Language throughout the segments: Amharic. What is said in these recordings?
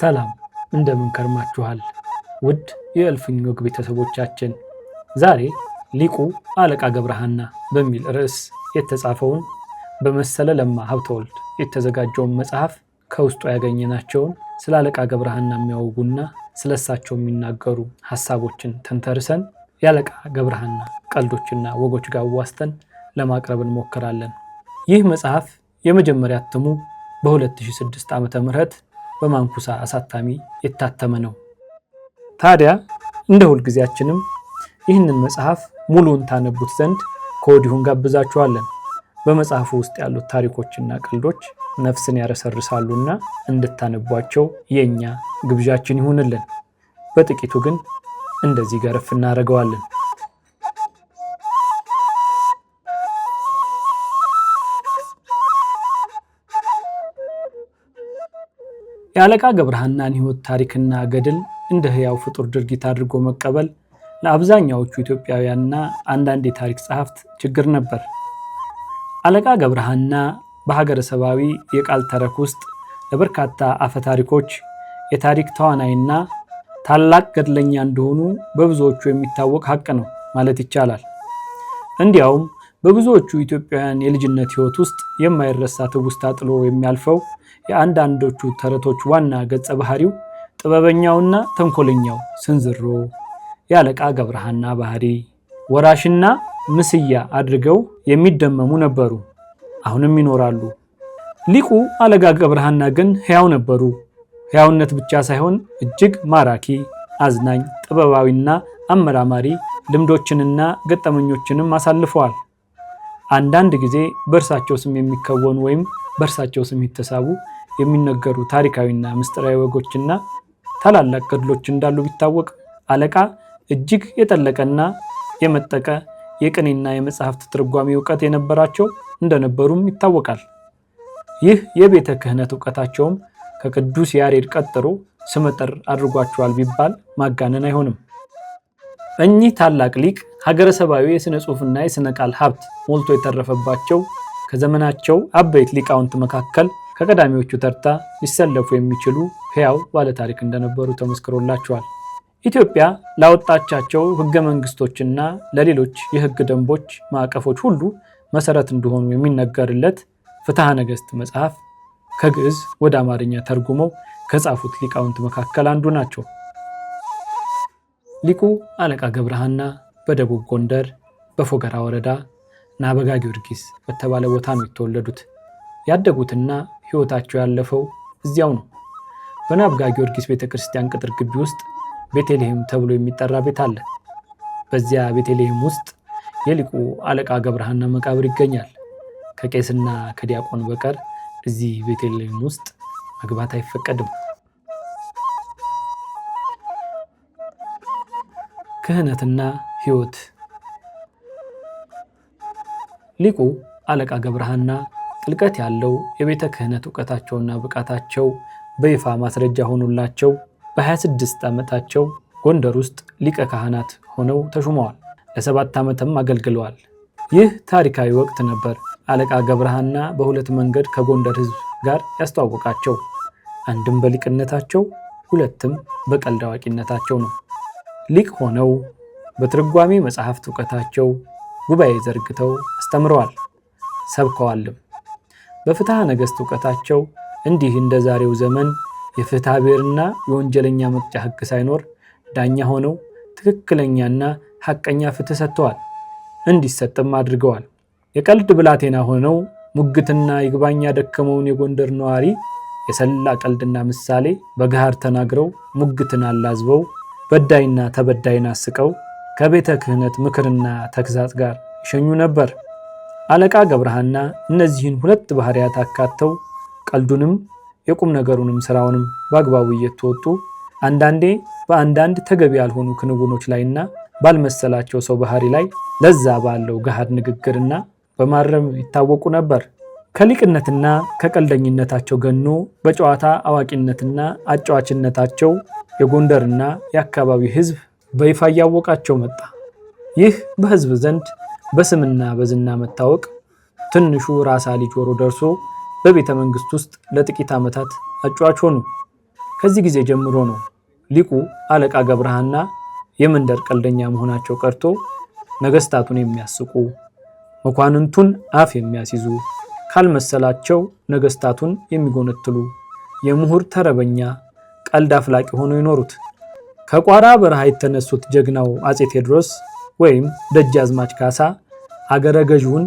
ሰላም እንደምን ከርማችኋል? ውድ የእልፍኝ ወግ ቤተሰቦቻችን ዛሬ ሊቁ አለቃ ገብረሐና በሚል ርዕስ የተጻፈውን በመሰለ ለማ ሀብተወልድ የተዘጋጀውን መጽሐፍ ከውስጡ ያገኘናቸውን ስለ አለቃ ገብረሐና የሚያወጉና ስለሳቸው የሚናገሩ ሀሳቦችን ተንተርሰን የአለቃ ገብረሐና ቀልዶችና ወጎች ጋር ዋስተን ለማቅረብ እንሞክራለን። ይህ መጽሐፍ የመጀመሪያ እትሙ በ2006 ም በማንኩሳ አሳታሚ የታተመ ነው። ታዲያ እንደ ሁልጊዜያችንም ይህንን መጽሐፍ ሙሉውን ታነቡት ዘንድ ከወዲሁ እንጋብዛችኋለን። በመጽሐፉ ውስጥ ያሉት ታሪኮችና ቀልዶች ነፍስን ያረሰርሳሉና እንድታነቧቸው የእኛ ግብዣችን ይሁንልን። በጥቂቱ ግን እንደዚህ ገረፍ እናደርገዋለን። የአለቃ ገብረሐናን ሕይወት ታሪክና ገድል እንደ ሕያው ፍጡር ድርጊት አድርጎ መቀበል ለአብዛኛዎቹ ኢትዮጵያውያንና አንዳንድ የታሪክ ጸሐፍት ችግር ነበር። አለቃ ገብረሐና በሀገረ ሰባዊ የቃል ተረክ ውስጥ ለበርካታ አፈ ታሪኮች የታሪክ ተዋናይና ታላቅ ገድለኛ እንደሆኑ በብዙዎቹ የሚታወቅ ሀቅ ነው ማለት ይቻላል። እንዲያውም በብዙዎቹ ኢትዮጵያውያን የልጅነት ሕይወት ውስጥ የማይረሳ ትውስታ ጥሎ የሚያልፈው የአንዳንዶቹ ተረቶች ዋና ገጸ ባህሪው ጥበበኛውና ተንኮለኛው ስንዝሮ፣ የአለቃ ገብረሃና ባህሪ፣ ወራሽና ምስያ አድርገው የሚደመሙ ነበሩ። አሁንም ይኖራሉ። ሊቁ አለቃ ገብረሃና ግን ሕያው ነበሩ። ሕያውነት ብቻ ሳይሆን እጅግ ማራኪ፣ አዝናኝ፣ ጥበባዊና አመራማሪ ልምዶችንና ገጠመኞችንም አሳልፈዋል። አንዳንድ ጊዜ በእርሳቸው ስም የሚከወኑ ወይም በእርሳቸው ስም የተሳቡ የሚነገሩ ታሪካዊና ምስጢራዊ ወጎችና ታላላቅ ገድሎች እንዳሉ ቢታወቅ አለቃ እጅግ የጠለቀና የመጠቀ የቅኔና የመጽሐፍት ትርጓሜ እውቀት የነበራቸው እንደነበሩም ይታወቃል። ይህ የቤተ ክህነት እውቀታቸውም ከቅዱስ ያሬድ ቀጥሮ ስመጥር አድርጓቸዋል ቢባል ማጋነን አይሆንም። እኚህ ታላቅ ሊቅ ሀገረ ሰባዊ የሥነ ጽሑፍና የሥነ ቃል ሀብት ሞልቶ የተረፈባቸው ከዘመናቸው አበይት ሊቃውንት መካከል ከቀዳሚዎቹ ተርታ ሊሰለፉ የሚችሉ ሕያው ባለታሪክ እንደነበሩ ተመስክሮላቸዋል። ኢትዮጵያ ላወጣቻቸው ሕገ መንግሥቶችና ለሌሎች የሕግ ደንቦች ማዕቀፎች ሁሉ መሠረት እንደሆኑ የሚነገርለት ፍትሐ ነገሥት መጽሐፍ ከግዕዝ ወደ አማርኛ ተርጉመው ከጻፉት ሊቃውንት መካከል አንዱ ናቸው። ሊቁ አለቃ ገብረሐና በደቡብ ጎንደር በፎገራ ወረዳ ናበጋ ጊዮርጊስ በተባለ ቦታ ነው የተወለዱት። ያደጉትና ሕይወታቸው ያለፈው እዚያው ነው። በናበጋ ጊዮርጊስ ቤተ ክርስቲያን ቅጥር ግቢ ውስጥ ቤተልሔም ተብሎ የሚጠራ ቤት አለ። በዚያ ቤተልሔም ውስጥ የሊቁ አለቃ ገብረሐና መቃብር ይገኛል። ከቄስና ከዲያቆን በቀር እዚህ ቤተልሔም ውስጥ መግባት አይፈቀድም። ክህነትና ሕይወት ሊቁ አለቃ ገብረሐና ጥልቀት ያለው የቤተ ክህነት እውቀታቸውና ብቃታቸው በይፋ ማስረጃ ሆኑላቸው በ26 ዓመታቸው ጎንደር ውስጥ ሊቀ ካህናት ሆነው ተሹመዋል። ለሰባት ዓመትም አገልግለዋል። ይህ ታሪካዊ ወቅት ነበር አለቃ ገብረሐና በሁለት መንገድ ከጎንደር ሕዝብ ጋር ያስተዋወቃቸው። አንድም በሊቅነታቸው ሁለትም በቀልድ አዋቂነታቸው ነው። ሊቅ ሆነው በትርጓሜ መጽሐፍት እውቀታቸው ጉባኤ ዘርግተው አስተምረዋል ሰብከዋልም። በፍትሐ ነገሥት እውቀታቸው እንዲህ እንደ ዛሬው ዘመን የፍትሐ ብሔርና የወንጀለኛ መቅጫ ሕግ ሳይኖር ዳኛ ሆነው ትክክለኛና ሐቀኛ ፍትህ ሰጥተዋል፣ እንዲሰጥም አድርገዋል። የቀልድ ብላቴና ሆነው ሙግትና ይግባኝ ያደከመውን የጎንደር ነዋሪ የሰላ ቀልድና ምሳሌ በገሃር ተናግረው ሙግትን አላዝበው በዳይና ተበዳይን አስቀው ከቤተ ክህነት ምክርና ተግዛጽ ጋር ይሸኙ ነበር። አለቃ ገብረሃና እነዚህን ሁለት ባህሪያት አካተው ቀልዱንም የቁም ነገሩንም ስራውንም በአግባቡ እየተወጡ አንዳንዴ በአንዳንድ ተገቢ ያልሆኑ ክንውኖች ላይና ባልመሰላቸው ሰው ባህሪ ላይ ለዛ ባለው ገሃድ ንግግርና በማረም ይታወቁ ነበር። ከሊቅነትና ከቀልደኝነታቸው ገኖ በጨዋታ አዋቂነትና አጫዋችነታቸው የጎንደርና የአካባቢው ሕዝብ በይፋ እያወቃቸው መጣ። ይህ በህዝብ ዘንድ በስምና በዝና መታወቅ ትንሹ ራስ አሊ ጆሮ ደርሶ በቤተ መንግስት ውስጥ ለጥቂት ዓመታት አጫዋች ሆኑ። ከዚህ ጊዜ ጀምሮ ነው ሊቁ አለቃ ገብረሃና የመንደር ቀልደኛ መሆናቸው ቀርቶ ነገስታቱን የሚያስቁ መኳንንቱን አፍ የሚያስይዙ ካልመሰላቸው ነገስታቱን የሚጎነትሉ የምሁር ተረበኛ ቀልድ አፍላቂ ሆነው ይኖሩት። ከቋራ በረሃ የተነሱት ጀግናው አጼ ቴዎድሮስ ወይም ደጃዝማች ካሳ አገረ ገዥውን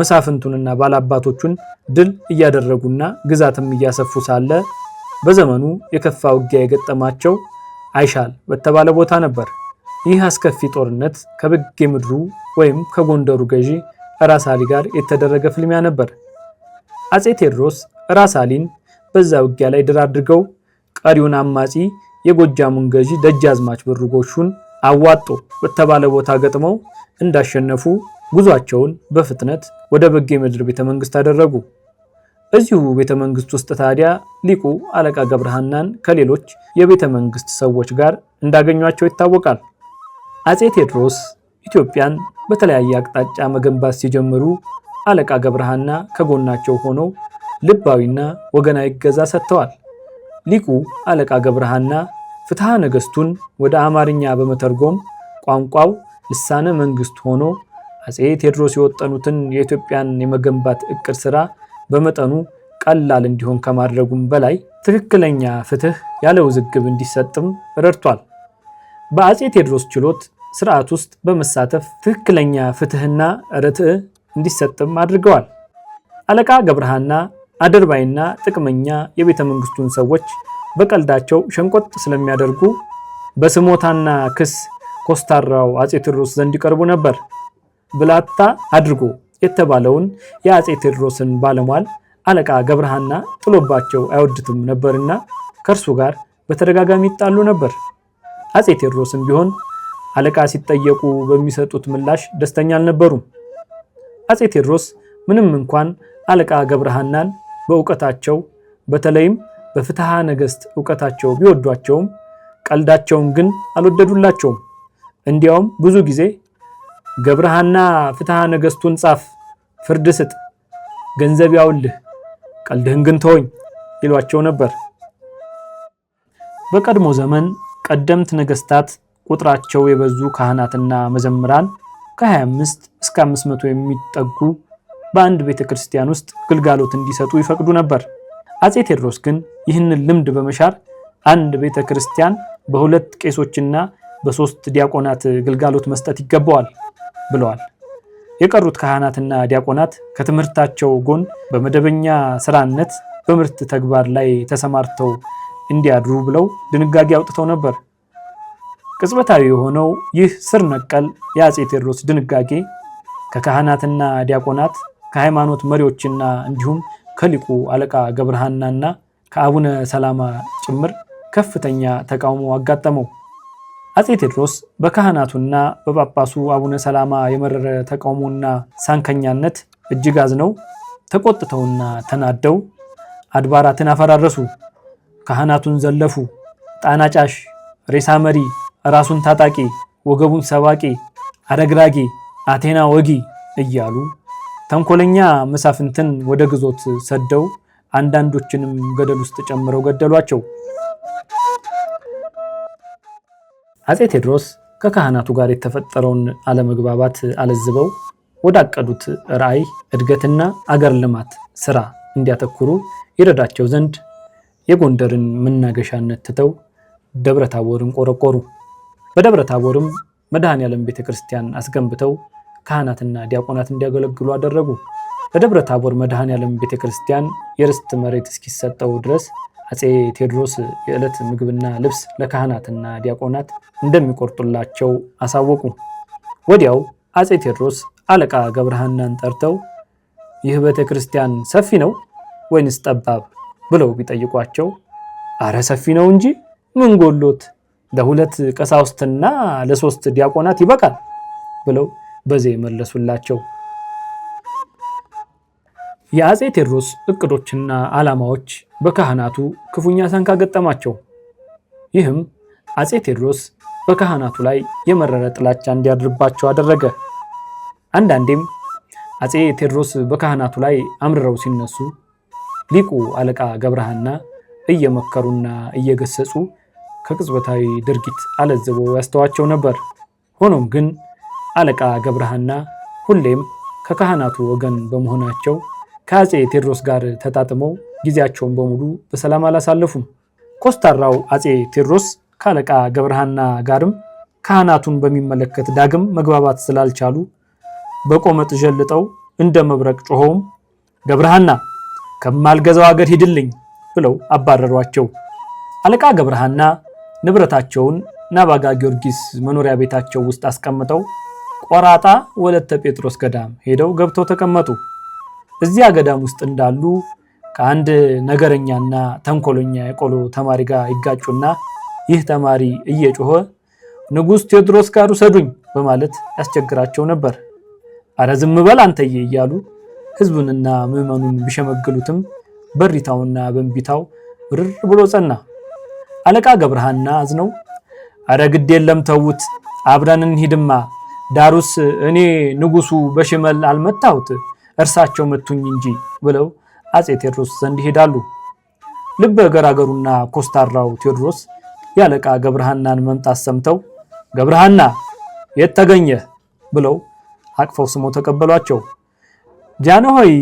መሳፍንቱንና ባላባቶቹን ድል እያደረጉና ግዛትም እያሰፉ ሳለ በዘመኑ የከፋ ውጊያ የገጠማቸው አይሻል በተባለ ቦታ ነበር። ይህ አስከፊ ጦርነት ከብጌ ምድሩ ወይም ከጎንደሩ ገዢ ራስ አሊ ጋር የተደረገ ፍልሚያ ነበር። አጼ ቴዎድሮስ ራስ አሊን በዛ ውጊያ ላይ ድል አድርገው ቀሪውን አማጺ የጎጃሙን ገዢ ደጃዝማች ብሩ ጎሹን አዋጦ በተባለ ቦታ ገጥመው እንዳሸነፉ ጉዟቸውን በፍጥነት ወደ በጌ ምድር ቤተመንግስት አደረጉ። እዚሁ ቤተመንግስት ውስጥ ታዲያ ሊቁ አለቃ ገብረሃናን ከሌሎች የቤተመንግስት ሰዎች ጋር እንዳገኟቸው ይታወቃል። አጼ ቴዎድሮስ ኢትዮጵያን በተለያየ አቅጣጫ መገንባት ሲጀምሩ አለቃ ገብረሃና ከጎናቸው ሆነው ልባዊና ወገናዊ እገዛ ሰጥተዋል። ሊቁ አለቃ ገብረሃና ፍትሐ ነገሥቱን ወደ አማርኛ በመተርጎም ቋንቋው ልሳነ መንግስት ሆኖ አጼ ቴዎድሮስ የወጠኑትን የኢትዮጵያን የመገንባት እቅድ ስራ በመጠኑ ቀላል እንዲሆን ከማድረጉም በላይ ትክክለኛ ፍትህ ያለ ውዝግብ እንዲሰጥም ረድቷል። በአጼ ቴዎድሮስ ችሎት ስርዓት ውስጥ በመሳተፍ ትክክለኛ ፍትህና ርትዕ እንዲሰጥም አድርገዋል። አለቃ ገብረሃና አደርባይና ጥቅመኛ የቤተ መንግስቱን ሰዎች በቀልዳቸው ሸንቆጥ ስለሚያደርጉ በስሞታና ክስ ኮስታራው አጼ ቴዎድሮስ ዘንድ ይቀርቡ ነበር። ብላታ አድርጎ የተባለውን የአጼ ቴዎድሮስን ባለሟል አለቃ ገብረሃና ጥሎባቸው አይወድትም ነበርና ከእርሱ ጋር በተደጋጋሚ ይጣሉ ነበር። አጼ ቴዎድሮስም ቢሆን አለቃ ሲጠየቁ በሚሰጡት ምላሽ ደስተኛ አልነበሩም። አጼ ቴዎድሮስ ምንም እንኳን አለቃ ገብረሃናን በእውቀታቸው በተለይም በፍትሐ ነገሥት እውቀታቸው ቢወዷቸውም ቀልዳቸውን ግን አልወደዱላቸውም። እንዲያውም ብዙ ጊዜ ገብረሃና ፍትሐ ነገሥቱን ጻፍ፣ ፍርድ ስጥ፣ ገንዘብ ያውልህ፣ ቀልድህን ግን ተወኝ ይሏቸው ነበር። በቀድሞ ዘመን ቀደምት ነገሥታት ቁጥራቸው የበዙ ካህናትና መዘምራን ከ25 እስከ 500 የሚጠጉ በአንድ ቤተ ክርስቲያን ውስጥ ግልጋሎት እንዲሰጡ ይፈቅዱ ነበር። አጼ ቴዎድሮስ ግን ይህንን ልምድ በመሻር አንድ ቤተ ክርስቲያን በሁለት ቄሶችና በሶስት ዲያቆናት ግልጋሎት መስጠት ይገባዋል ብለዋል። የቀሩት ካህናትና ዲያቆናት ከትምህርታቸው ጎን በመደበኛ ስራነት በምርት ተግባር ላይ ተሰማርተው እንዲያድሩ ብለው ድንጋጌ አውጥተው ነበር። ቅጽበታዊ የሆነው ይህ ስር ነቀል የአጼ ቴዎድሮስ ድንጋጌ ከካህናትና ዲያቆናት ከሃይማኖት መሪዎችና እንዲሁም ከሊቁ አለቃ ገብረሃናና ከአቡነ ሰላማ ጭምር ከፍተኛ ተቃውሞ አጋጠመው። አፄ ቴዎድሮስ በካህናቱና በጳጳሱ አቡነ ሰላማ የመረረ ተቃውሞና ሳንከኛነት እጅግ አዝነው ተቆጥተውና ተናደው አድባራትን አፈራረሱ፣ ካህናቱን ዘለፉ። ጣና ጫሽ፣ ሬሳ መሪ፣ ራሱን ታጣቂ፣ ወገቡን ሰባቂ፣ አረግራጊ፣ አቴና ወጊ እያሉ ተንኮለኛ መሳፍንትን ወደ ግዞት ሰደው አንዳንዶችንም ገደል ውስጥ ጨምረው ገደሏቸው። አፄ ቴዎድሮስ ከካህናቱ ጋር የተፈጠረውን አለመግባባት አለዝበው ወዳቀዱት ራዕይ እድገትና አገር ልማት ስራ እንዲያተኩሩ ይረዳቸው ዘንድ የጎንደርን መናገሻነት ትተው ደብረ ታቦርን ቆረቆሩ። በደብረ ታቦርም መድኃኔ ቤተክርስቲያን አስገንብተው ካህናትና ዲያቆናት እንዲያገለግሉ አደረጉ። ለደብረ ታቦር መድኃኔ ዓለም ቤተ ክርስቲያን የርስት መሬት እስኪሰጠው ድረስ አፄ ቴዎድሮስ የዕለት ምግብና ልብስ ለካህናትና ዲያቆናት እንደሚቆርጡላቸው አሳወቁ። ወዲያው አፄ ቴዎድሮስ አለቃ ገብረሃናን ጠርተው ይህ ቤተ ክርስቲያን ሰፊ ነው ወይንስ ጠባብ ብለው ቢጠይቋቸው አረ ሰፊ ነው እንጂ ምን ጎሎት ለሁለት ቀሳውስትና ለሶስት ዲያቆናት ይበቃል ብለው በዚያ የመለሱላቸው። የአጼ ቴዎድሮስ እቅዶችና ዓላማዎች በካህናቱ ክፉኛ ሳንካ ገጠማቸው። ይህም አጼ ቴዎድሮስ በካህናቱ ላይ የመረረ ጥላቻ እንዲያድርባቸው አደረገ። አንዳንዴም አጼ ቴዎድሮስ በካህናቱ ላይ አምርረው ሲነሱ ሊቁ አለቃ ገብረሐና እየመከሩና እየገሰጹ ከቅጽበታዊ ድርጊት አለዝበው ያስተዋቸው ነበር። ሆኖም ግን አለቃ ገብረሃና ሁሌም ከካህናቱ ወገን በመሆናቸው ከአፄ ቴዎድሮስ ጋር ተጣጥመው ጊዜያቸውን በሙሉ በሰላም አላሳለፉም። ኮስታራው አፄ ቴዎድሮስ ከአለቃ ገብረሃና ጋርም ካህናቱን በሚመለከት ዳግም መግባባት ስላልቻሉ በቆመጥ ዠልጠው እንደ መብረቅ ጮኸውም ገብረሃና ከማልገዛው አገር ሂድልኝ ብለው አባረሯቸው። አለቃ ገብረሃና ንብረታቸውን ናባጋ ጊዮርጊስ መኖሪያ ቤታቸው ውስጥ አስቀምጠው ቆራጣ ወለተ ጴጥሮስ ገዳም ሄደው ገብተው ተቀመጡ። እዚያ ገዳም ውስጥ እንዳሉ ከአንድ ነገረኛና ተንኮለኛ የቆሎ ተማሪ ጋር ይጋጩና ይህ ተማሪ እየጮኸ ንጉሥ ቴዎድሮስ ጋር ውሰዱኝ በማለት ያስቸግራቸው ነበር። አረ ዝም በል አንተዬ እያሉ ሕዝቡንና ምዕመኑን ቢሸመግሉትም በሪታውና በእንቢታው ብርር ብሎ ጸና። አለቃ ገብረሃና አዝነው አረ ግድ የለም ተዉት አብረን እንሂድማ ዳሩስ እኔ ንጉሱ በሽመል አልመታሁት እርሳቸው መቱኝ እንጂ ብለው አፄ ቴዎድሮስ ዘንድ ይሄዳሉ። ልበ ገራገሩና ኮስታራው ቴዎድሮስ ያለቃ ገብረሃናን መምጣት ሰምተው ገብረሃና የት ተገኘህ ብለው አቅፈው ስሞ ተቀበሏቸው። ጃንሆይ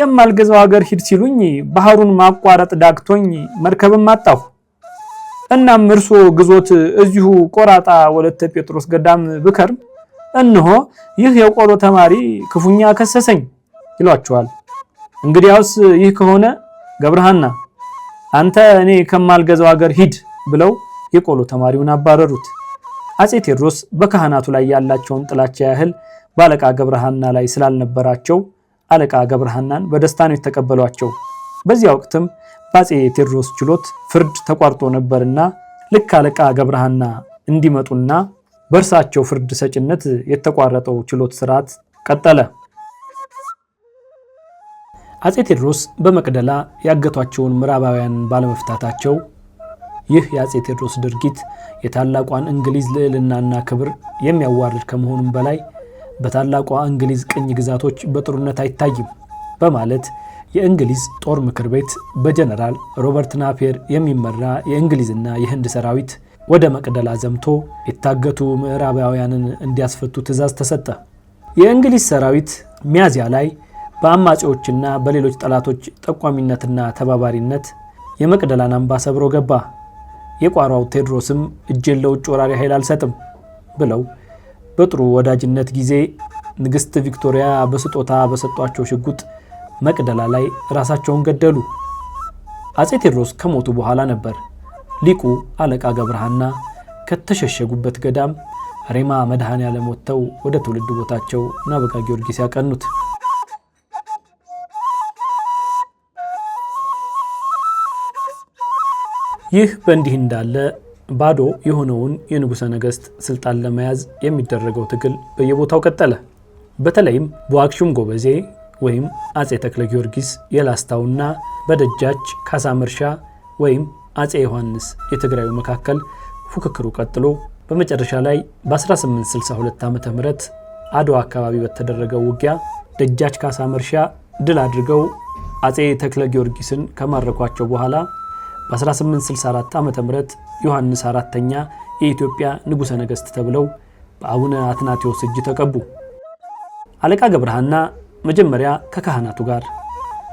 የማልገዛው ሀገር ሂድ ሲሉኝ ባህሩን ማቋረጥ ዳግቶኝ መርከብም አጣሁ። እናም እርሶ ግዞት እዚሁ ቆራጣ ወለተ ጴጥሮስ ገዳም ብከርም እነሆ ይህ የቆሎ ተማሪ ክፉኛ ከሰሰኝ ይሏቸዋል። እንግዲያውስ ይህ ከሆነ ገብረሃና አንተ እኔ ከማልገዛው ሀገር ሂድ ብለው የቆሎ ተማሪውን አባረሩት። አፄ ቴዎድሮስ በካህናቱ ላይ ያላቸውን ጥላቻ ያህል በአለቃ ገብረሃና ላይ ስላልነበራቸው አለቃ ገብረሃናን በደስታ ነው የተቀበሏቸው። በዚያ ወቅትም በአፄ ቴዎድሮስ ችሎት ፍርድ ተቋርጦ ነበርና ልክ አለቃ ገብረሃና እንዲመጡና በእርሳቸው ፍርድ ሰጭነት የተቋረጠው ችሎት ስርዓት ቀጠለ። አጼ ቴዎድሮስ በመቅደላ ያገቷቸውን ምዕራባውያን ባለመፍታታቸው ይህ የአጼ ቴዎድሮስ ድርጊት የታላቋን እንግሊዝ ልዕልናና ክብር የሚያዋርድ ከመሆኑም በላይ በታላቋ እንግሊዝ ቅኝ ግዛቶች በጥሩነት አይታይም በማለት የእንግሊዝ ጦር ምክር ቤት በጀነራል ሮበርት ናፔር የሚመራ የእንግሊዝና የህንድ ሰራዊት ወደ መቅደላ ዘምቶ የታገቱ ምዕራባውያንን እንዲያስፈቱ ትእዛዝ ተሰጠ። የእንግሊዝ ሰራዊት ሚያዝያ ላይ በአማጺዎችና በሌሎች ጠላቶች ጠቋሚነትና ተባባሪነት የመቅደላን አምባ ሰብሮ ገባ። የቋራው ቴዎድሮስም እጄን ለውጭ ወራሪ ኃይል አልሰጥም ብለው በጥሩ ወዳጅነት ጊዜ ንግሥት ቪክቶሪያ በስጦታ በሰጧቸው ሽጉጥ መቅደላ ላይ ራሳቸውን ገደሉ። አፄ ቴድሮስ ከሞቱ በኋላ ነበር ሊቁ አለቃ ገብረሃና ከተሸሸጉበት ገዳም ሬማ መድኃኔ ዓለም ወጥተው ወደ ትውልድ ቦታቸው ናበጋ ጊዮርጊስ ያቀኑት ይህ በእንዲህ እንዳለ ባዶ የሆነውን የንጉሠ ነገሥት ስልጣን ለመያዝ የሚደረገው ትግል በየቦታው ቀጠለ። በተለይም በአክሱም ጎበዜ ወይም አጼ ተክለ ጊዮርጊስ የላስታውና በደጃች ካሳ መርሻ ወይም አጼ ዮሐንስ የትግራዩ መካከል ፉክክሩ ቀጥሎ በመጨረሻ ላይ በ1862 ዓ ም አድዋ አካባቢ በተደረገው ውጊያ ደጃች ካሳ መርሻ ድል አድርገው አጼ ተክለ ጊዮርጊስን ከማረኳቸው በኋላ በ1864 ዓ ም ዮሐንስ አራተኛ የኢትዮጵያ ንጉሠ ነገሥት ተብለው በአቡነ አትናቴዎስ እጅ ተቀቡ። አለቃ ገብረሃና መጀመሪያ ከካህናቱ ጋር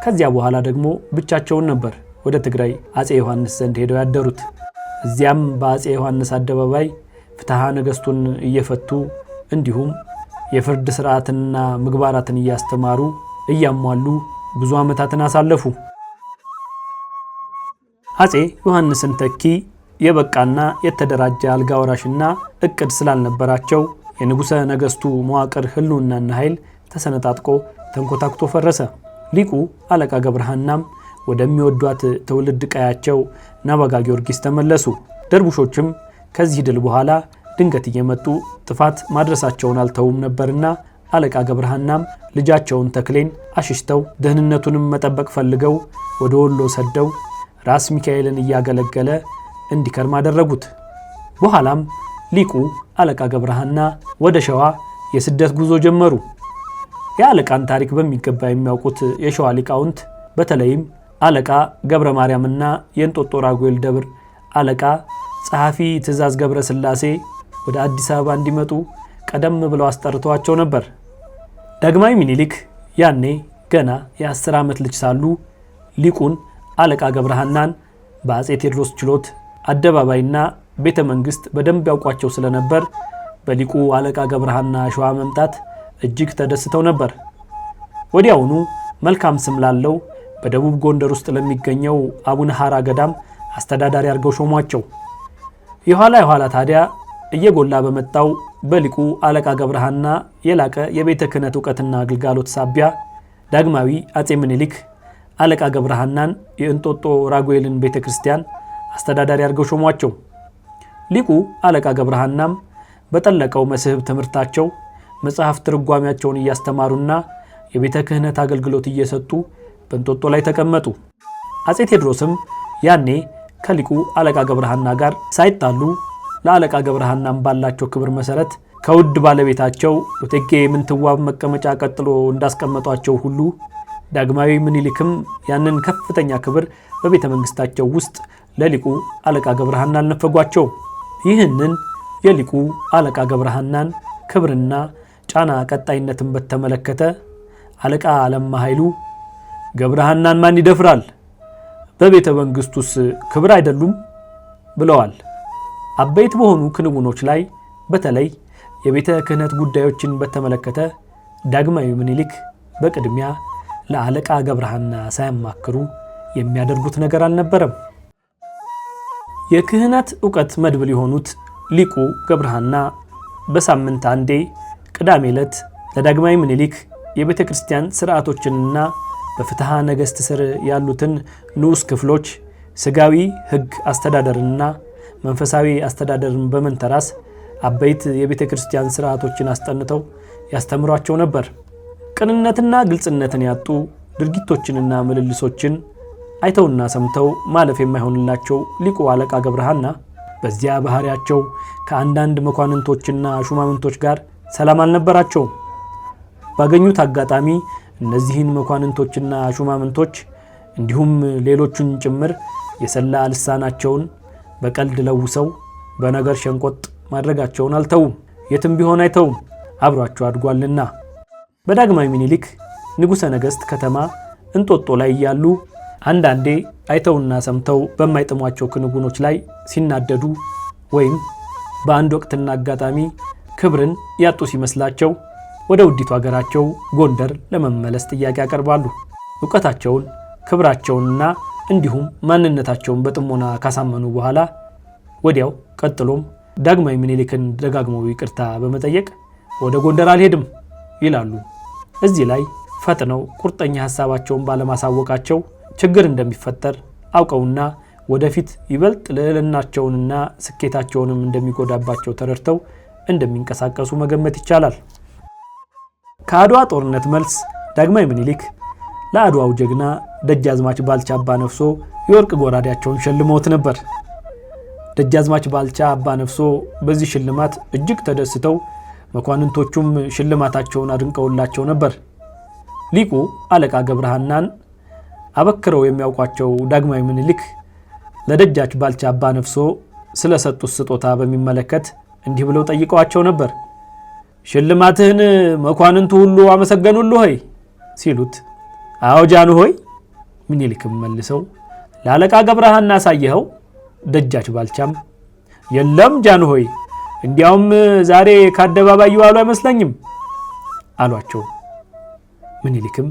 ከዚያ በኋላ ደግሞ ብቻቸውን ነበር ወደ ትግራይ አጼ ዮሐንስ ዘንድ ሄደው ያደሩት። እዚያም በአፄ ዮሐንስ አደባባይ ፍትሐ ነገሥቱን እየፈቱ እንዲሁም የፍርድ ስርዓትንና ምግባራትን እያስተማሩ እያሟሉ ብዙ ዓመታትን አሳለፉ። አፄ ዮሐንስን ተኪ የበቃና የተደራጀ አልጋ ወራሽና እቅድ ስላልነበራቸው የንጉሠ ነገሥቱ መዋቅር ህልውናና ኃይል ተሰነጣጥቆ ተንኮታኩቶ ፈረሰ። ሊቁ አለቃ ገብረሐናም ወደሚወዷት ትውልድ ቀያቸው ናባጋ ጊዮርጊስ ተመለሱ። ደርቡሾችም ከዚህ ድል በኋላ ድንገት እየመጡ ጥፋት ማድረሳቸውን አልተውም ነበርና አለቃ ገብረሃናም ልጃቸውን ተክሌን አሽሽተው ደህንነቱንም መጠበቅ ፈልገው ወደ ወሎ ሰደው ራስ ሚካኤልን እያገለገለ እንዲከርም አደረጉት። በኋላም ሊቁ አለቃ ገብረሃና ወደ ሸዋ የስደት ጉዞ ጀመሩ። የአለቃን ታሪክ በሚገባ የሚያውቁት የሸዋ ሊቃውንት በተለይም አለቃ ገብረ ማርያምና የእንጦጦ ራጉኤል ደብር አለቃ ጸሐፊ ትእዛዝ ገብረ ሥላሴ ወደ አዲስ አበባ እንዲመጡ ቀደም ብለው አስጠርተዋቸው ነበር። ዳግማዊ ሚኒሊክ ያኔ ገና የአስር ዓመት ልጅ ሳሉ ሊቁን አለቃ ገብረሃናን በአጼ ቴዎድሮስ ችሎት አደባባይና ቤተ መንግሥት በደንብ ያውቋቸው ስለነበር በሊቁ አለቃ ገብረሃና ሸዋ መምጣት እጅግ ተደስተው ነበር። ወዲያውኑ መልካም ስም ላለው በደቡብ ጎንደር ውስጥ ለሚገኘው አቡነ ሐራ ገዳም አስተዳዳሪ አድርገው ሾሟቸው። የኋላ የኋላ ታዲያ እየጎላ በመጣው በሊቁ አለቃ ገብረሃና የላቀ የቤተ ክህነት እውቀትና አገልጋሎት ሳቢያ ዳግማዊ አጼ ምኒልክ አለቃ ገብረሃናን የእንጦጦ ራጉኤልን ቤተ ክርስቲያን አስተዳዳሪ አድርገው ሾሟቸው። ሊቁ አለቃ ገብረሃናም በጠለቀው መስህብ ትምህርታቸው መጽሐፍ ትርጓሚያቸውን እያስተማሩና የቤተ ክህነት አገልግሎት እየሰጡ በእንጦጦ ላይ ተቀመጡ። አፄ ቴዎድሮስም ያኔ ከሊቁ አለቃ ገብረሐና ጋር ሳይጣሉ ለአለቃ ገብረሐናም ባላቸው ክብር መሰረት ከውድ ባለቤታቸው እቴጌ ምንትዋብ መቀመጫ ቀጥሎ እንዳስቀመጧቸው ሁሉ ዳግማዊ ምኒልክም ያንን ከፍተኛ ክብር በቤተ መንግስታቸው ውስጥ ለሊቁ አለቃ ገብረሐና አልነፈጓቸው። ይህንን የሊቁ አለቃ ገብረሐናን ክብርና ጫና ቀጣይነትን በተመለከተ አለቃ አለማ ኃይሉ ገብረሃናን ማን ይደፍራል? በቤተ መንግስቱስ ክብር አይደሉም ብለዋል። አበይት በሆኑ ክንውኖች ላይ በተለይ የቤተ ክህነት ጉዳዮችን በተመለከተ ዳግማዊ ምኒልክ በቅድሚያ ለአለቃ ገብረሃና ሳያማክሩ የሚያደርጉት ነገር አልነበረም። የክህነት ዕውቀት መድብል የሆኑት ሊቁ ገብረሃና በሳምንት አንዴ ቅዳሜ ዕለት ለዳግማዊ ምኒልክ የቤተ ክርስቲያን ስርዓቶችንና በፍትሐ ነገሥት ስር ያሉትን ንዑስ ክፍሎች ስጋዊ ሕግ አስተዳደርንና መንፈሳዊ አስተዳደርን በመንተራስ አበይት የቤተ ክርስቲያን ስርዓቶችን አስጠንተው ያስተምሯቸው ነበር። ቅንነትና ግልጽነትን ያጡ ድርጊቶችንና ምልልሶችን አይተውና ሰምተው ማለፍ የማይሆንላቸው ሊቁ አለቃ ገብረሐና በዚያ ባህሪያቸው ከአንዳንድ መኳንንቶችና ሹማምንቶች ጋር ሰላም አልነበራቸውም። ባገኙት አጋጣሚ እነዚህን መኳንንቶችና ሹማምንቶች እንዲሁም ሌሎቹን ጭምር የሰላ ልሳናቸውን በቀልድ ለውሰው በነገር ሸንቆጥ ማድረጋቸውን አልተውም። የትም ቢሆን አይተውም፣ አብሯቸው አድጓልና። በዳግማዊ ሚኒሊክ ንጉሠ ነገሥት ከተማ እንጦጦ ላይ እያሉ አንዳንዴ አይተውና ሰምተው በማይጥሟቸው ክንውኖች ላይ ሲናደዱ ወይም በአንድ ወቅትና አጋጣሚ ክብርን ያጡ ሲመስላቸው ወደ ውዲቱ ሀገራቸው ጎንደር ለመመለስ ጥያቄ ያቀርባሉ። እውቀታቸውን፣ ክብራቸውንና እንዲሁም ማንነታቸውን በጥሞና ካሳመኑ በኋላ ወዲያው ቀጥሎም ዳግማዊ ምኒልክን ደጋግመው ይቅርታ በመጠየቅ ወደ ጎንደር አልሄድም ይላሉ። እዚህ ላይ ፈጥነው ቁርጠኛ ሀሳባቸውን ባለማሳወቃቸው ችግር እንደሚፈጠር አውቀውና ወደፊት ይበልጥ ልዕልናቸውንና ስኬታቸውንም እንደሚጎዳባቸው ተረድተው እንደሚንቀሳቀሱ መገመት ይቻላል። ከአድዋ ጦርነት መልስ ዳግማዊ ምኒልክ ለአድዋው ጀግና ደጃዝማች ባልቻ አባ ነፍሶ የወርቅ ጎራዴያቸውን ሸልመውት ነበር። ደጃዝማች ባልቻ አባ ነፍሶ በዚህ ሽልማት እጅግ ተደስተው መኳንንቶቹም ሽልማታቸውን አድንቀውላቸው ነበር። ሊቁ አለቃ ገብረሃናን አበክረው የሚያውቋቸው ዳግማዊ ምኒልክ ለደጃች ባልቻ አባ ነፍሶ ስለሰጡት ስጦታ በሚመለከት እንዲህ ብለው ጠይቀዋቸው ነበር። ሽልማትህን መኳንንቱ ሁሉ አመሰገኑሉ ሆይ ሲሉት፣ አዎ ጃኑ ሆይ ምኒልክም መልሰው ለአለቃ ገብረሃና አሳየኸው? ደጃች ባልቻም የለም ጃኑ ሆይ እንዲያውም ዛሬ ከአደባባይ የዋሉ አይመስለኝም አሏቸው። ምኒልክም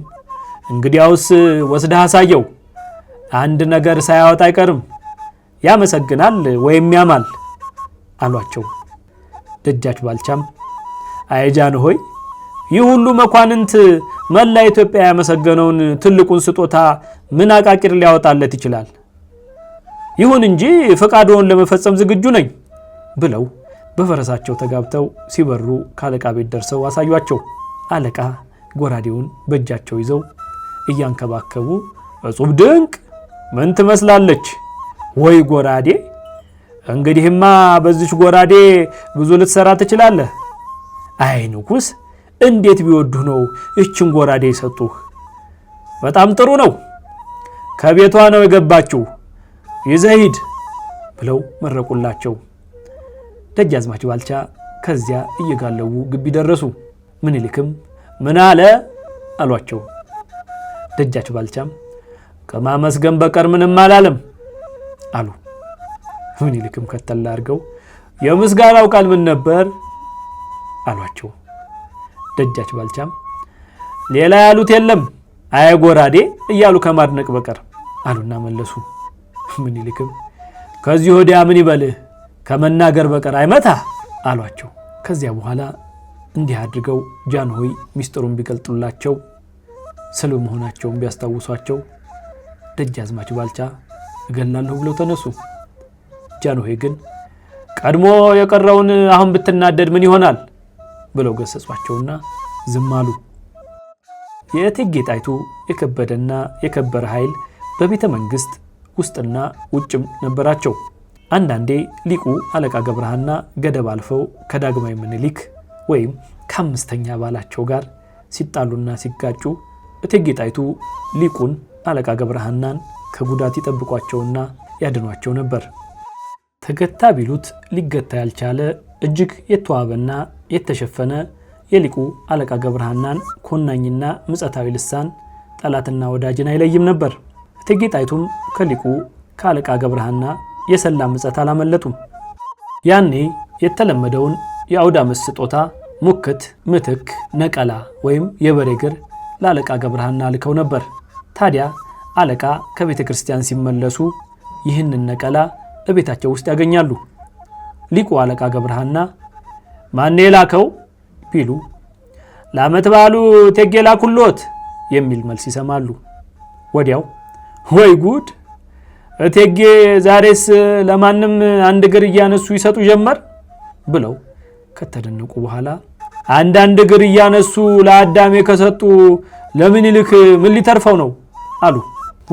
እንግዲያውስ ወስደህ አሳየው፣ አንድ ነገር ሳያወጣ አይቀርም፣ ያመሰግናል ወይም ያማል አሏቸው። ደጃች ባልቻም አይጃን ሆይ ይህ ሁሉ መኳንንት መላ ኢትዮጵያ ያመሰገነውን ትልቁን ስጦታ ምን አቃቂር ሊያወጣለት ይችላል? ይሁን እንጂ ፈቃድዎን ለመፈጸም ዝግጁ ነኝ ብለው በፈረሳቸው ተጋብተው ሲበሩ ከአለቃ ቤት ደርሰው አሳዩቸው። አለቃ ጎራዴውን በእጃቸው ይዘው እያንከባከቡ እጹብ ድንቅ ምን ትመስላለች ወይ ጎራዴ! እንግዲህማ በዚች ጎራዴ ብዙ ልትሰራ ትችላለህ አይ ንጉሥ፣ እንዴት ቢወዱህ ነው እችን ጎራዴ የሰጡህ? በጣም ጥሩ ነው፣ ከቤቷ ነው የገባችው፣ ይዘህ ሂድ ብለው መረቁላቸው። ደጃዝማች ባልቻ ከዚያ እየጋለቡ ግቢ ደረሱ። ምኒልክም ምን አለ አሏቸው። ደጃች ባልቻም ከማመስገን በቀር ምንም አላለም አሉ። ምኒልክም ከተላ አድርገው የምስጋናው ቃል ምን ነበር? አሏቸው። ደጃች ባልቻም ሌላ ያሉት የለም አይ ጎራዴ እያሉ ከማድነቅ በቀር አሉና መለሱ። ምኒልክም ከዚህ ወዲያ ምን ይበልህ ከመናገር በቀር አይመታ አሏቸው። ከዚያ በኋላ እንዲህ አድርገው ጃንሆይ ሚስጥሩን ቢገልጡላቸው ስሉ መሆናቸውን ቢያስታውሷቸው ደጃዝማች ባልቻ እገላለሁ ብለው ተነሱ። ጃንሆይ ግን ቀድሞ የቀረውን አሁን ብትናደድ ምን ይሆናል ብለው ገሰጿቸውና ዝም አሉ። የእቴጌ ጣይቱ የከበደና የከበረ ኃይል በቤተ መንግሥት ውስጥና ውጭም ነበራቸው። አንዳንዴ ሊቁ አለቃ ገብረሃና ገደብ አልፈው ከዳግማዊ ምኒልክ ወይም ከአምስተኛ ባላቸው ጋር ሲጣሉና ሲጋጩ እቴጌ ጣይቱ ሊቁን አለቃ ገብረሃናን ከጉዳት ይጠብቋቸውና ያድኗቸው ነበር። ተገታ ቢሉት ሊገታ ያልቻለ እጅግ የተዋበና የተሸፈነ የሊቁ አለቃ ገብረሐናን ኮናኝና ምጸታዊ ልሳን ጠላትና ወዳጅን አይለይም ነበር። እቴጌ ጣይቱም ከሊቁ ከአለቃ ገብረሐና የሰላ ምጸት አላመለጡም። ያኔ የተለመደውን የአውዳ ዓመት ስጦታ ሙክት፣ ምትክ፣ ነቀላ ወይም የበሬ እግር ለአለቃ ገብረሐና ልከው ነበር። ታዲያ አለቃ ከቤተ ክርስቲያን ሲመለሱ ይህንን ነቀላ በቤታቸው ውስጥ ያገኛሉ። ሊቁ አለቃ ገብረሐና ማን የላከው ቢሉ ለዓመት በዓሉ እቴጌ ላኩሎት የሚል መልስ ይሰማሉ። ወዲያው ወይ ጉድ እቴጌ ዛሬስ ለማንም አንድ እግር እያነሱ ይሰጡ ጀመር ብለው ከተደነቁ በኋላ አንዳንድ እግር እያነሱ ለአዳሜ ከሰጡ ለምኒልክ ምን ሊተርፈው ነው አሉ።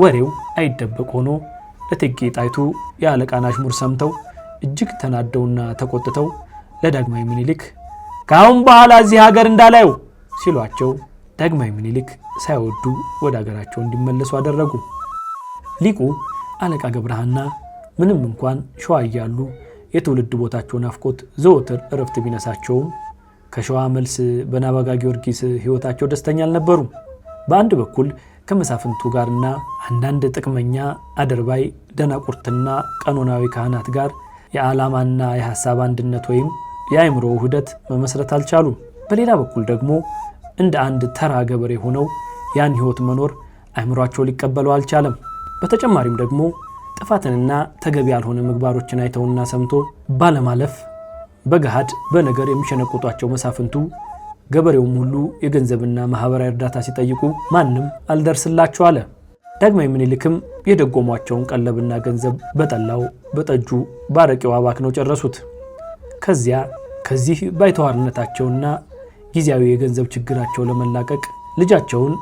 ወሬው አይደበቅ ሆኖ እቴጌ ጣይቱ የአለቃን አሽሙር ሰምተው እጅግ ተናደውና ተቆጥተው ለዳግማዊ ምኒልክ ከአሁን በኋላ እዚህ ሀገር እንዳላዩ ሲሏቸው ዳግማዊ ምኒልክ ሳይወዱ ወደ ሀገራቸው እንዲመለሱ አደረጉ። ሊቁ አለቃ ገብረሃና ምንም እንኳን ሸዋ እያሉ የትውልድ ቦታቸው ናፍቆት ዘወትር እረፍት ቢነሳቸውም ከሸዋ መልስ በናባጋ ጊዮርጊስ ሕይወታቸው ደስተኛ አልነበሩም። በአንድ በኩል ከመሳፍንቱ ጋርና አንዳንድ ጥቅመኛ አደርባይ ደናቁርትና ቀኖናዊ ካህናት ጋር የዓላማና የሐሳብ አንድነት ወይም የአእምሮ ውህደት መመስረት አልቻሉም። በሌላ በኩል ደግሞ እንደ አንድ ተራ ገበሬ ሆነው ያን ህይወት መኖር አእምሯቸው ሊቀበለው አልቻለም። በተጨማሪም ደግሞ ጥፋትንና ተገቢ ያልሆነ ምግባሮችን አይተውና ሰምቶ ባለማለፍ በገሃድ በነገር የሚሸነቁጧቸው መሳፍንቱ ገበሬውም ሁሉ የገንዘብና ማህበራዊ እርዳታ ሲጠይቁ ማንም አልደርስላቸው አለ። ዳግማዊ ምኒልክም የደጎሟቸውን ቀለብና ገንዘብ በጠላው፣ በጠጁ፣ በአረቄው አባክነው ጨረሱት። ከዚያ ከዚህ ባይተዋርነታቸውና ጊዜያዊ የገንዘብ ችግራቸው ለመላቀቅ ልጃቸውን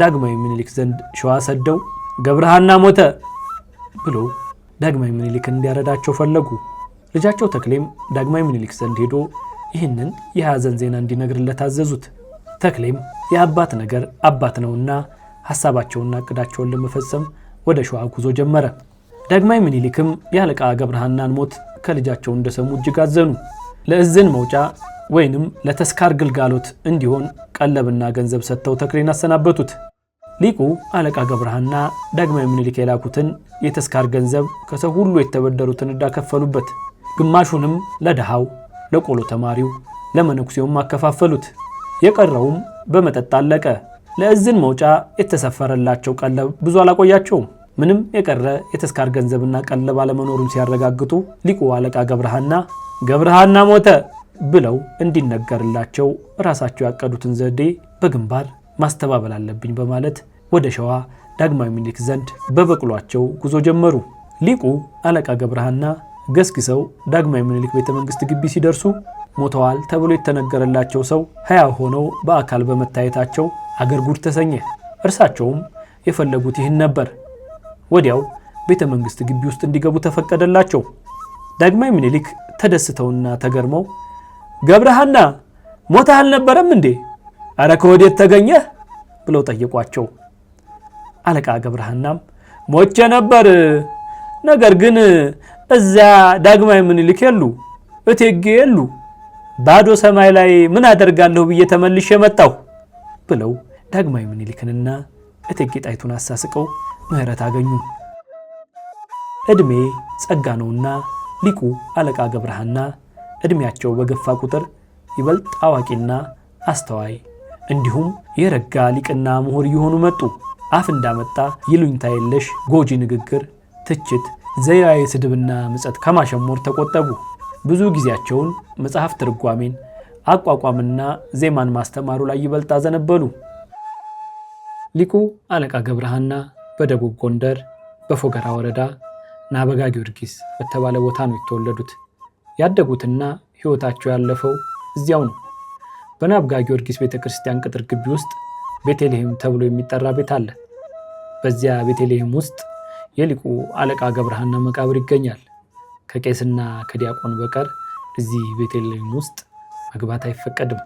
ዳግማዊ ምኒልክ ዘንድ ሸዋ ሰደው ገብረሃና ሞተ ብሎ ዳግማዊ ምኒልክን እንዲያረዳቸው ፈለጉ። ልጃቸው ተክሌም ዳግማዊ ምኒልክ ዘንድ ሄዶ ይህንን የሐዘን ዜና እንዲነግርለት አዘዙት። ተክሌም የአባት ነገር አባት ነውና ሐሳባቸውንና እቅዳቸውን ለመፈጸም ወደ ሸዋ ጉዞ ጀመረ። ዳግማዊ ምኒልክም የአለቃ ገብረሃናን ሞት ከልጃቸው እንደሰሙ እጅግ አዘኑ። ለእዝን መውጫ ወይንም ለተስካር ግልጋሎት እንዲሆን ቀለብና ገንዘብ ሰጥተው ተክሌን አሰናበቱት። ሊቁ አለቃ ገብረሃና ዳግማዊ ምኒልክ የላኩትን የተስካር ገንዘብ ከሰው ሁሉ የተበደሩትን ዕዳ ከፈሉበት። ግማሹንም ለድሃው፣ ለቆሎ ተማሪው፣ ለመነኩሴውም አከፋፈሉት። የቀረውም በመጠጥ አለቀ። ለእዝን መውጫ የተሰፈረላቸው ቀለብ ብዙ አላቆያቸውም። ምንም የቀረ የተስካር ገንዘብና ቀለብ አለመኖሩን ሲያረጋግጡ ሊቁ አለቃ ገብረሃና ገብረሃና ሞተ ብለው እንዲነገርላቸው ራሳቸው ያቀዱትን ዘዴ በግንባር ማስተባበል አለብኝ በማለት ወደ ሸዋ ዳግማዊ ምኒልክ ዘንድ በበቅሏቸው ጉዞ ጀመሩ። ሊቁ አለቃ ገብረሃና ገስግሰው ዳግማዊ ምኒልክ ቤተ መንግስት ግቢ ሲደርሱ ሞተዋል ተብሎ የተነገረላቸው ሰው ሕያው ሆነው በአካል በመታየታቸው አገር ጉድ ተሰኘ። እርሳቸውም የፈለጉት ይህን ነበር። ወዲያው ቤተ መንግስት ግቢ ውስጥ እንዲገቡ ተፈቀደላቸው። ዳግማዊ ምኒልክ ተደስተውና ተገርመው ገብረሃና ሞተህ አልነበረም እንዴ? አረ ከወዴት ተገኘህ ብለው ጠየቋቸው። አለቃ ገብረሃናም ሞቼ ነበር፣ ነገር ግን እዚያ ዳግማዊ ምኒልክ የሉ፣ እቴጌ የሉ፣ ባዶ ሰማይ ላይ ምን አደርጋለሁ ብዬ ተመልሼ መጣሁ ብለው ዳግማዊ ምኒልክንና እቴጌ ጣይቱን አሳስቀው ምህረት አገኙ። ዕድሜ ጸጋ ነውና ሊቁ አለቃ ገብረሐና ዕድሜያቸው በገፋ ቁጥር ይበልጥ አዋቂና አስተዋይ እንዲሁም የረጋ ሊቅና ምሁር እየሆኑ መጡ። አፍ እንዳመጣ ይሉኝታ የለሽ ጎጂ ንግግር፣ ትችት፣ ዘያዊ ስድብና ምጸት ከማሸሞር ተቆጠቡ። ብዙ ጊዜያቸውን መጽሐፍ ትርጓሜን፣ አቋቋምና ዜማን ማስተማሩ ላይ ይበልጥ አዘነበሉ። ሊቁ አለቃ ገብረሐና በደቡብ ጎንደር በፎገራ ወረዳ ናበጋ ጊዮርጊስ በተባለ ቦታ ነው የተወለዱት። ያደጉትና ሕይወታቸው ያለፈው እዚያው ነው። በናብጋ ጊዮርጊስ ቤተ ክርስቲያን ቅጥር ግቢ ውስጥ ቤተልሔም ተብሎ የሚጠራ ቤት አለ። በዚያ ቤተልሔም ውስጥ የሊቁ አለቃ ገብረሐና መቃብር ይገኛል። ከቄስና ከዲያቆን በቀር እዚህ ቤተልሔም ውስጥ መግባት አይፈቀድም።